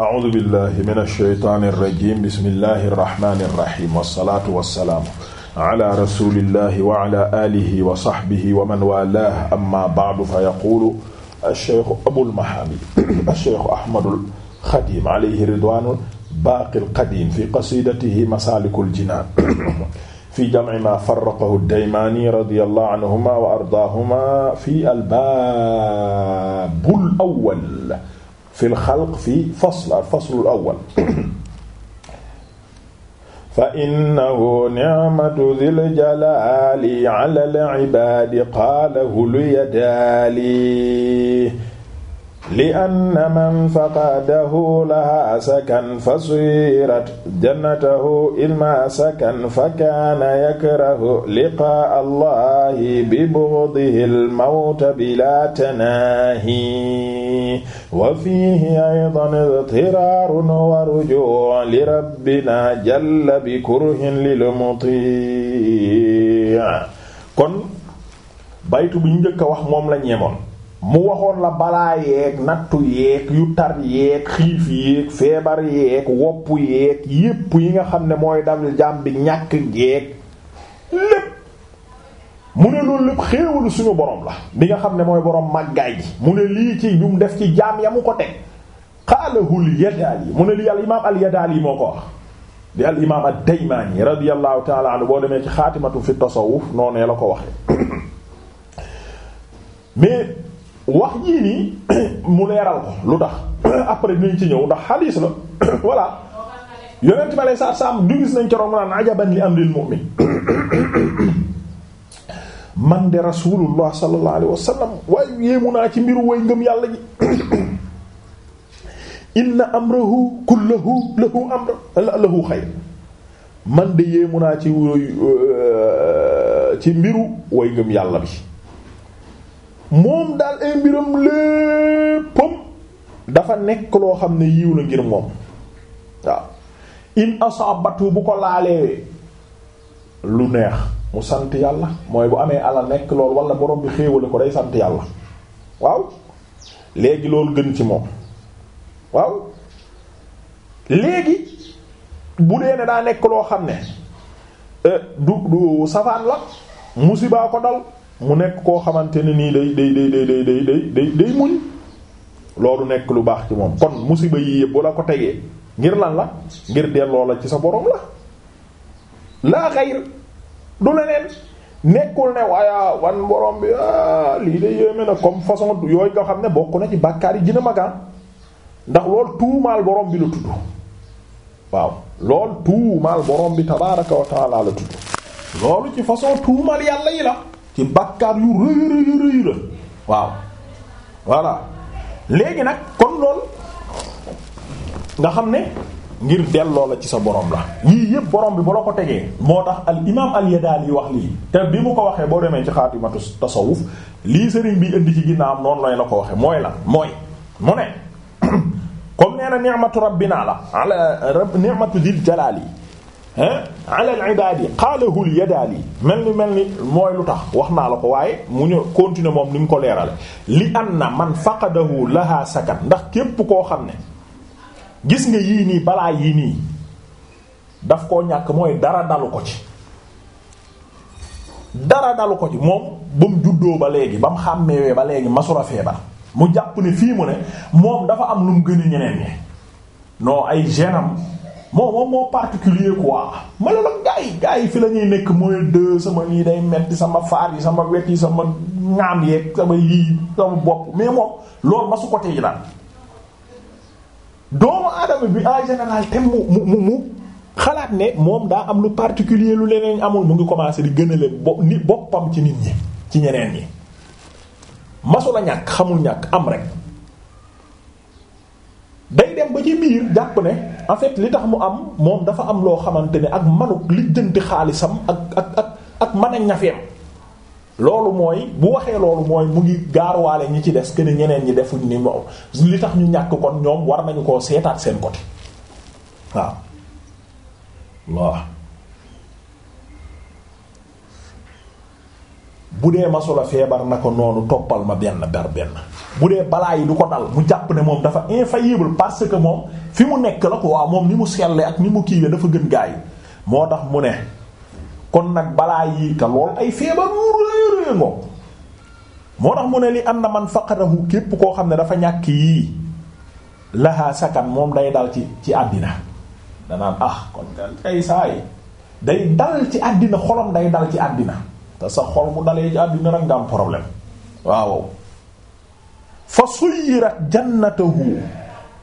a'uudu billahi mina shaytaani rajiim bismillahi rahmaani rahiim wasalaatu wasalaam ala rasulillahi wa ala aalihi wa sahbihi wa man waalaahu amma ba'du fa yaquulu ash-shaykhu abul mahaamid ash-shaykhu ahmadul xadiim alayhi ridwaanul baaqil qadiim fi qasiidatihi masaalikul jinaan fi jamci ma farraqahu daymaani radiyallahu anhuma wa ardaahuma fi albaabul awwal fil xalq fii fasl al faslul awwal fa innahu ni'matu dhil jalali ala al ibadi qaalahu liyadaali li anna man faqadahu laha sakan fa suyirat jannatahu ilma sakan fa kaana yakrahu liqaa allahi bi bughdihi almawta bila tanaahi wa fiihi aydan idtiraarun wa rujuu li rabbina jalla bi kurhin lil mutii kon baytu bu njëkk a wax moom la ñeemoon mu waxoon la balaa yeeg nattu yeeg yu tar yeeg xiif yeeg feebar yeeg wopp yeeg yépp yi nga xam ne mooy dal jaam bi ñàkk yeeg lépp mu ne loolu lépp xéewalu suñu borom la bi nga xam ne mooy boroom màggaay ji mu ne lii ci ñum def ci jaam ya mu ko teg xaalahul yadaal yi mu ne lii al imaam al yadaal yi moo ko wax di al imaam ad daymaani radiyallahu taala anhu boo demee ci xaatimatu fi tasawuf noonee la ko waxee mais wax jii nii mu leeral ko lu tax après dinañ ci ñëw ndax xadiis la voilà yonent bi alei satu salaam du gis nañ ci room naan ajaban li amril mu'min man de rasulullah sallallahu alayhi wa sallam waaye yéemu naa ci mbiru way ngëm yàlla ji inna amrahu kullahu lahu amr lahu xayr man de yéemu naa ci euh, ci mbiru way ngëm yàlla bi moom daal ay mbiram léppam dafa nekk loo xam ne yiw la ngir moom waaw in asabatu bu ko laalee lu neex mu sant yàlla mooy bu amee ala nekk lool wala borom bi xéewale ko day sant yàlla waaw léegi loolu gën ci moom waaw léegi bu dee daa nekk loo xam ne euh, du du safaan la musiba ko dal mu nekk koo xamante ne nii day day day day day day day day day loolu nekk lu baax ci moom kon musiba yii yëpp la ko tegee ngir lan la ngir delloo la ci sa borom la laa xayr du leneen nekkul ne waaye wan borom bi ah, lii de yéeme xam ne bokk na ci bàkkaar yi dina magaan ah. ndax loolu tuumaal bi la tudd waaw loolu tuumaal borom bi tabaaraka wa taala la loolu ci façon tuumaal yàlla yi la ci bàkkaar yu rëy rëy rëy la waaw voilà léegi nag kon lool nga xam ne ngir delloo la ci sa borom la yii yëpp borom bi bu la ko tegee moo tax al imaam al Yadaali yi wax lii te bi mu ko waxee boo demee ci xaatimatu tasawuf lii sëriñ bi indi ci ginnaawam noonu lay la ko waxee mooy la mooy mu ne comme nee na ni'matu la ala ni'matu jalaal yi ala al ibadi qaalahu al yadaali mel ni mel ni mooy lu tax wax naa la ko waaye mu ñu continuer moom ni mu ko leerale li na man faqadahu laha sakan ndax képp koo xam ne gis nga yii nii balaa yii nii daf koo ñàkk mooy dara dalu ko ci dara dalu ko ci moom ba mu juddoo ba léegi ba mu xàmmeewee ba léegi masura feebar mu jàpp ne fii mu ne moom dafa am lu mu gën a ñeneen ñi non ay genam moom moom moo particulier quoi ma ne la gaa yi gaa fi la ñuy nekk mooy deux sama nii day metti sama faar yi sama wet yi sama ŋaam yeeg sama yii sama bopp mais moom loolu ma su ko tey daal doomu aadama bi en te mu mu mu xalaat ne moom daa am lu particulier lu leneen amul mu ngi commencer di gënale bo ni boppam ci nit ñi ci ñeneen ñi masu la ñàkk xamul ñàkk am rek day dem ba ci biir jàpp ne. en fait li tax mu am moom dafa am loo xamante ni ak manu lijjanti xaalisam ak ak ak ak mën a ñafeem loolu mooy bu waxee loolu mooy mu ngi gaaruwaale ñi ci des que ne ñeneen ñi defuñ ni moom li tax ñu ñàkk kon ñoom war nañu koo seetaat seen côté waaw waaw bu dee masula feebar na ko noonu toppal ma benn ber benn bu dee balaa yi du ko dal mu jàpp ne moom dafa infaillible parce que moom fi mu nekk la ko quoi moom ni mu selle ak ni mu kiiwee dafa gën gaa moo tax mu ne kon nag balaa yi te lool ay feebar wóor la yore moo tax mu ne li am na man faqarahu képp koo xam ne dafa ñàkk yii lahaa sakan moom day dal ci ci àddina danaan ah kon kay saa yi day dal ci àddina xolam day dal ci àddina te sa xol bu dalee ci àddina rek nga am problème waaw. fa suyirat jannatahu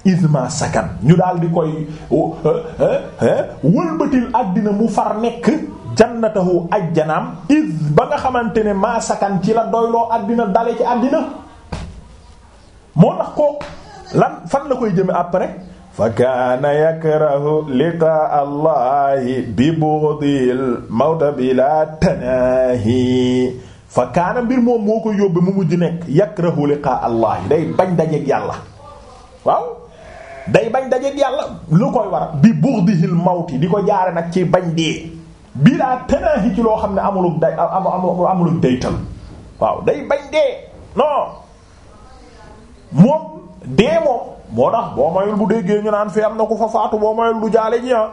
isma sakan ñu daal di koy oh, eh, eh, eh, wëlbatil àddina mu far nekk jannatahu ajjanaam is ba nga xamante ne ma sakan ci la doyloo àddina dale ci àddina moo tax ko lan fan la koy jëme après fa kaana yakrahu liqaa allahi bi bughdi al mawta bila tanaahi fa kaana mbir moom moo koy yóbbe mu mujj nekk yakrahu liqaa allah day bañ dajeeg yàlla waaw day bañ dajeeg yàlla lu koy war bi bughdihil mawti di ko jaare nag ci bañ dee bii daa ci loo xam ne amuluk day amuluk daytal waaw day bañ dee non moom dee moom moo tax boo mayul bu déggee ñu naan fi am na ku fa faatu boo mayul du jaale ji ah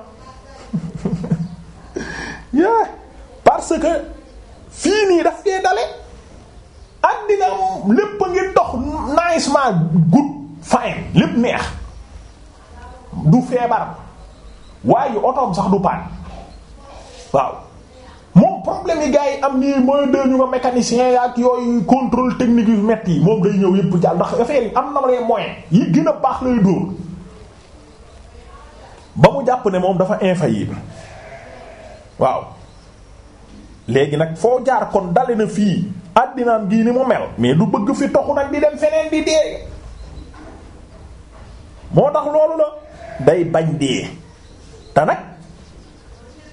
parce que fii nii daf fee dale àddina lépp a ngi dox nagisement good fine lépp neex du feebar waaye otoom sax du paan waaw moom problème yi gars yi am nii mooy dee ñu nga mécanicien yaak yooyu contrôle technique yu metti yi moom day ñëw yëpp jàll ndax affaire yi am na les moyens yi gën a baax lay dóor ba mu jàpp ne moom dafa infaillible waaw léegi nag foo jaar kon dale na fii àddinaam gii ni mu mel mais du bëgg fi toxu nag di dem feneen di dee moo tax loolu la day bañ dee te nag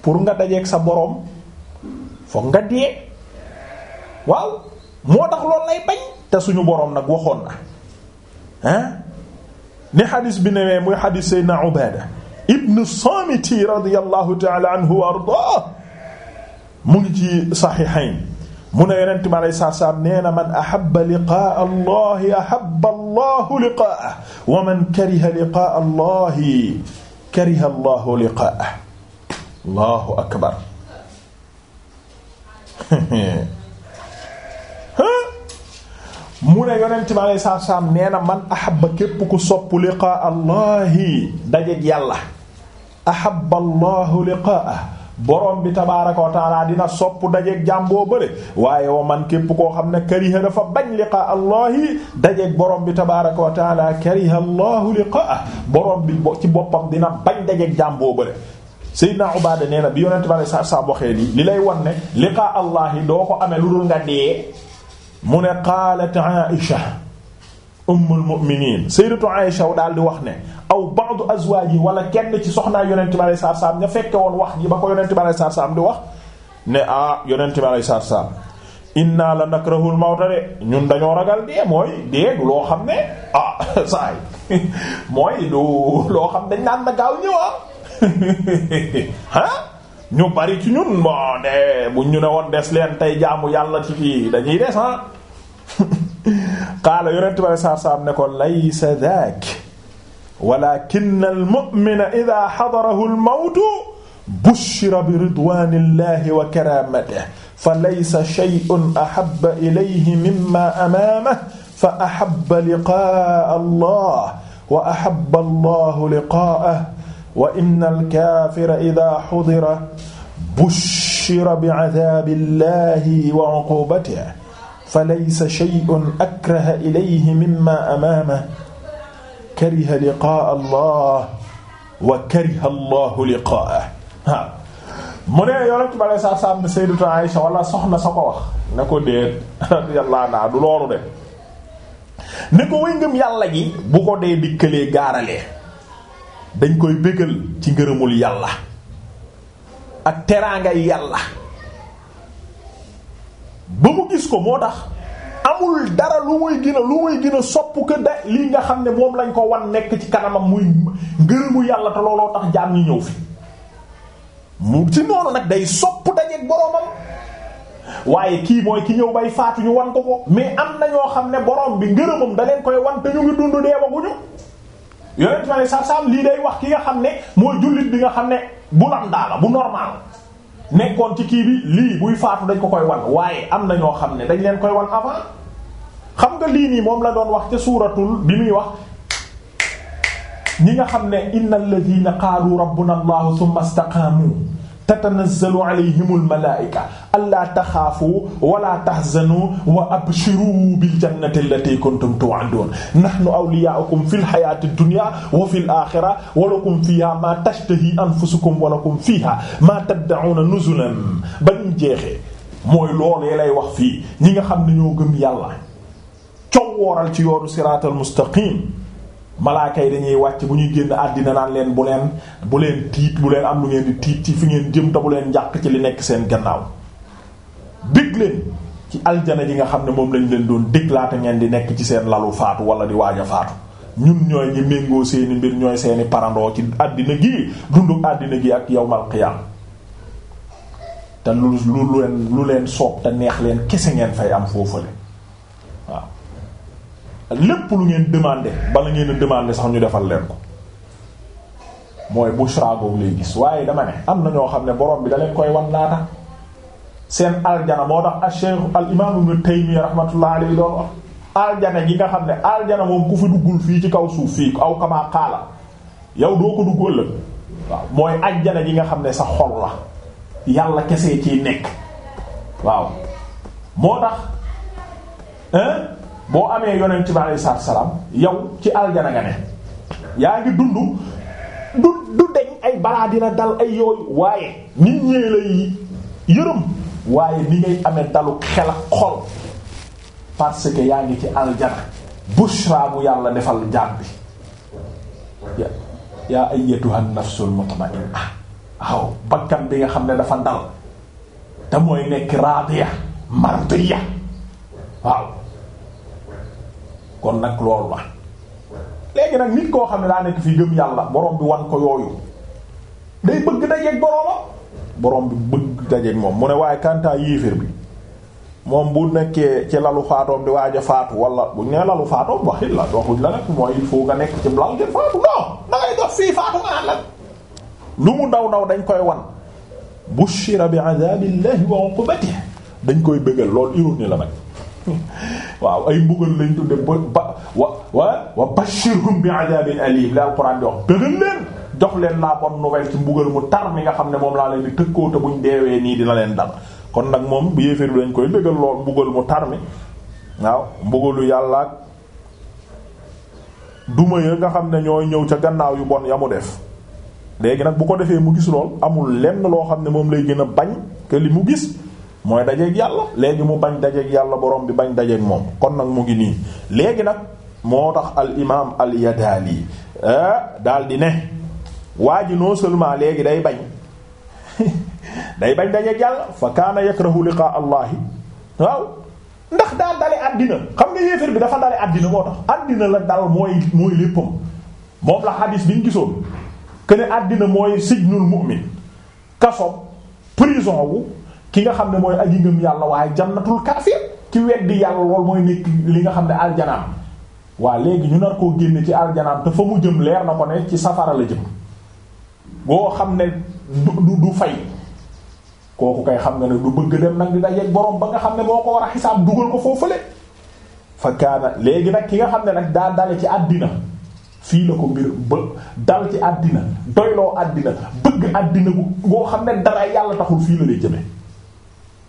pour nga dajeek sa boroom fokk nga dee waaw moo tax loolu lay bañ te suñu boroom nag waxoon na ah ni xadis bi newee muy xadis Seydina Ubaada ibnu Saamiti radiyallahu ta'ala anhu wa ardaa mu ngi ci saxiixayn mu ne yonent bi aleyhi salaatu salaam nee na man ahabba liqaa allahi ahabba allahu liqaa'ahu wa man kariha liqaa allahi kariha allahu liqaa'ahu allahu akbar mu ne yonent bi aleyhi salaatu salaam nee na man ahabba képp ku sopp liqaa allahi dajeek yàlla ahabba allahu liqaa'ahu borom bi tabaaraka wa taala dina sopp dajeeg jàmboo boo waaye wa man képp koo xam ne kariha dafa bañ liqaa allahi dajeeg borom bi tabaaraka wa taala kariha allahu liqaa borom bi ci boppam dina bañ dajeeg jàmm boo bële Seydina Ubaada nee na bi yonent bi saa saa lii li lay wan ne liqaa allahi doo ko amee lu dul nga dee mu ne qaalat Aisha ummul mu'minin sayyidatu Aisha daal di wax ne aw ba'du azwaaj yi wala kenn ci soxnaa yonent bi alayhi salaam nga fekke woon wax ji ba ko yonent bi alayhi salaam di wax ne ah yonent bi alayhi salaam inna la nakrahul mawta de ñun dañoo ragal dee mooy dee du loo xam ne ah saay mooy du loo xam dañ naan na gaaw ñëwa ah, ah ñu bari ci ñun moo ne bu ñu woon des leen tey jaamu yàlla ci fii dañuy des ah qaala yonent bi alayhi salaatu salaam ne ko laysa daak walaakinna al-mu'mina idaa hadarahu al-mawtu bushira bi ridwaanillahi wa karaamatihi fa laysa shay'un ahabba ilayhi mimmaa amaamahu fa ahabba liqaa'a Allah wa ahabba Allahu liqaa'ahu wa inna al-kaafira idaa hudira bushira bi'adaabillahi wa 'uquubatihi falaysa shay'un akraha ilayhi mimma amaamahu kariha liqaa'a Allah wa kariha Allahu liqaa'ahu waaw mu ne yonent bi alayhi salaatu salaam ne Sayyidatu Aïsha wala soxna sa ko wax ne ko déet radiyallahu anha du loolu de ne ko wéy ngëm yàlla gi bu ko dee dikkalee gaaralee dañ koy bégal ci ngërëmul yàlla ak teraangay yàlla ba mu gis ko moo tax amul dara lu muy gën a lu muy gën sopp que de lii nga xam ne moom lañ ko wan nekk ci kanamam muy ngërëmu yàlla te looloo tax jaam ñi ñëw fi mu ci noonu nag day sopp dajeek boromam waaye kii mooy ki ñëw bay faatu ñu wan ko ko mais am na ñoo xam ne borom bi ngërëmam da koy wan te ñu ngi dund dee waguñu yonent ma ne sa sam lii day wax ki nga xam ne moo jullit bi nga xam ne bu lam daala bu normal nekkoon ci kii bi lii buy faatu dañ ko koy wan waaye am na ñoo xam ne dañ leen koy wan avant xam nga lii nii moom la doon wax ca suuratul bi muy wax ñi nga xam ne innal ladina qaalu rabbuna allah thumma istaqaamu tatanazzalu alayhimul malaa'ika allaa taxaafu wala tahzanu wa abshiru bil jannati allati kuntum tu'adun nahnu awliyaa'ukum fil hayaatid dunya wa fil aaxira wa lakum fiihaa maa tashtahi anfusukum wa lakum fiihaa maa tad'uuna nuzulan ba ñu jeexee mooy loolee lay wax fii ñi nga xam ne ñoo gëm yàlla coow wooral ci yoonu siraatal mustaqiim malaaka yi dañuy wàcc bu ñuy génn àddina naan leen bu leen bu leen tiit bu leen am lu ngeen di tiit ci fi ngeen jëm te bu leen njàq ci li nekk seen gannaaw dégg leen ci aljana ji nga xam ne moom lañ leen doon déglaate ngeen di nekk ci seen lalu faatu wala di waaja a faatu ñun ñooy ñi méngoo seeni mbir ñooy seeni parandoo ci àddina gi dundu àddina gi ak yow qiyaam te lu lu leen lu leen soob te neex leen kese ngeen fay am foofale lépp lu ngeen demander bala ngeen a sax ñu defal leen ko mooy bushra boobu lay gis waaye dama ne am na ñoo xam ne borom bi da leen koy wan laata moo tax ash-shaykh al imam ibn Taymiyya rahmatullah alayhi doon aljana gi nga xam ne aljana moom ku fi duggul fii ci kaw suuf fii aw kamaa xaala yow doo ko dugg ëllëg waaw mooy aljana gi nga xam ne sax xol la yàlla kese ciy nekk waaw moo tax boo amee yonent bi alayhi salaam yow ci aljana nga ne yaa ngi dund du du deñ ay balaa dina dal ay yooyu waaye nit ñee lay yërëm waaye ni ngay ame dalu xel ak xol parce que yaa ngi ci aljana bushra bu yàlla defal jaam bi yaa ayyatuha nafsul mutma'inna aw bakkan bi nga xam ne dafa dal te mooy nekk raadiya mardiya waaw kon nag loolu la léegi nag nit koo xam ne daa nekk fi gëm yàlla borom bi wan ko yooyu day bëgg dajeeg boromam borom bi bëgg dajeeg moom mu ne waaye kantaa yéeféer bi moom bu nekkee ci lalu faatoom bi waaja a faatu wala bu ñu nee lalu faatoom waxit la waxuñ la nag mooy il faut nga nekk ci lal ngeen faatu non dangay dox fii faatu nga àll lu mu daw daw dañ koy wan bushira bi azabillahi wa uqubatihi dañ koy bëggal loolu ironie la nag waaw ay mbugal lañ tudde ba ba wa wa wa bashirhum bi adabin alim la alquran di wax bëggal leen jox leen la bonne nouvelle ci mbugal mu tar mi nga xam ne moom laa leen di tëkkoo te buñ deewee nii dina leen dal kon nag moom bu yéeféer bi lañ koy bëggal lool mbugal mu tar mi waaw mbugalu yàllaak duma ya nga xam ne ñoo ñëw ca gannaaw yu bon ya mu def léegi nag bu ko defee mu gis lool amul lenn loo xam ne moom lay gën a bañ que li mu gis mooy dajeeg yàlla léegi mu bañ dajeeg yàlla borom bi bañ dajeeg moom kon nag mu ngi nii léegi nag moo tax al imaam al yadaali eh, daal di ne waa ji noo seulement léegi day bañ day bañ dajeeg yàlla fa kaana yakrahu liqaa allahi waaw ndax daal dale àddina xam nga yéeféer bi dafa dale àddina moo tax àddina la dal mooy mooy léppam moom la xadiis bi ñu gisoon que ne àddina mooy sijnul mu'min kaso prison wu ki nga xam ne mooy aji ngëm yàlla waaye jannatul kaafir ki weddi yàlla lool mooy nekk li nga xam ne aljanaam waa léegi ñu nar koo génne ci aljanaam te fa mu jëm leer na ko ne ci safara la jëm boo xam ne fay kooku xam nga ne du bëgg dem nag di dajeek borom ba nga xam ne moo ko war a xisaab dugal ko foofule fa kaana léegi nag ki nga xam ne nag daa dale ci àddina fii ko mbir dal ci àddina doyloo àddina bëgg àddina bu boo xam ne dara yàlla taxul fii la lay jëme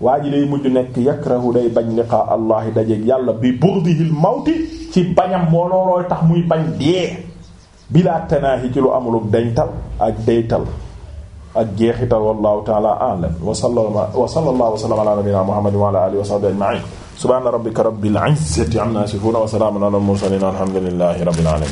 waa ji day mujj nekk yakrahu day bañ liqaa allah dajeeg yàlla bi burdihil mawti ci bañam moo loolooy tax muy bañ dee bilaa tanaahi ci lu amulub deñtal ak deytal ak jeexital wallahu taala a'lam wa sallallahu wa sallama ala nabiyyina muhammadin wa ala alihi wa sahbihi ajma'in subhana rabbika rabbil izzati amma yasifun